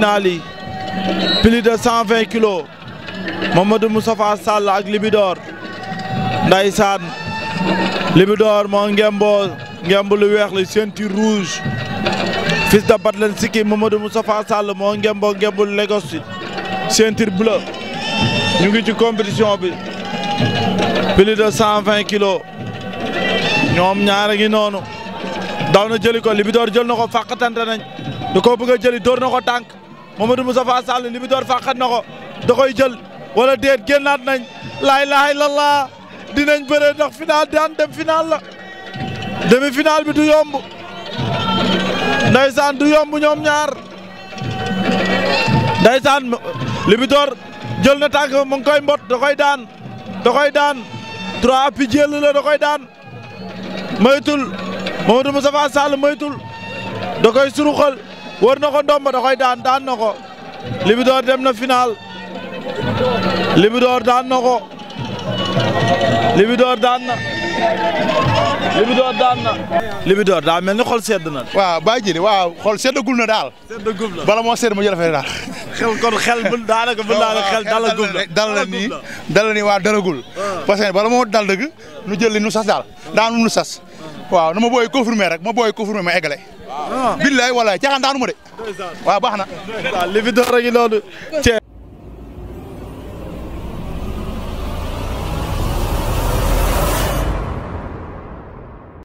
demi-finale de cent vingt kilos Mamadou Moustapha Sall ak Libidor ndaysaan Libidor moo ngemboo ngemb lu weex li ceinture rouge fils de Batlen Siki Mamadou Moustapha Sall moo ngemboo ngemb lu Lagos ceinture ñu ngi ci compétition bi plus de cent vingt kilos ñoom ñaar a ngi noonu daw na jëli ko Libidor jël ko fàqatante nañ da koo bëgg jëli dóor ko tànk Mamadou Moustapha Sall Libidor fàqat na ko da koy jël wala déet génnaat nañ laa ilaaha illallah dinañ bëre ndax final daan dem final la demi final bi du yomb ndaysaan du yomb ñoom ñaar ndaysaan Libidor jël na tànk mu ngi koy mbot da daan da daan trois appuis la da daan moytul Mamadou Moustapha Sall moytul da koy suruxal wër na ko ndomba da daan daan na ko Libidor dem na final Libidor daan na ko Libidor daan na Libidor daan na. Libidor daa mel ni xol sedd na. waaw bàyyi jëli waaw xol seddagul na daal. seddagul na bala moo sedd ma jël fay daal. xel kon xel bu daanaka nii dalal nii waa dalagul. Ah. parce bala moo dal dëgg nu jël li nu sas daal daanu nu sas. waaw na ma booy confirmer rek ma booy confirmer ma eggale. Ah. billaay walaay caaxaan daanu ma de. waaw baax na. li fi door a ngi noonu.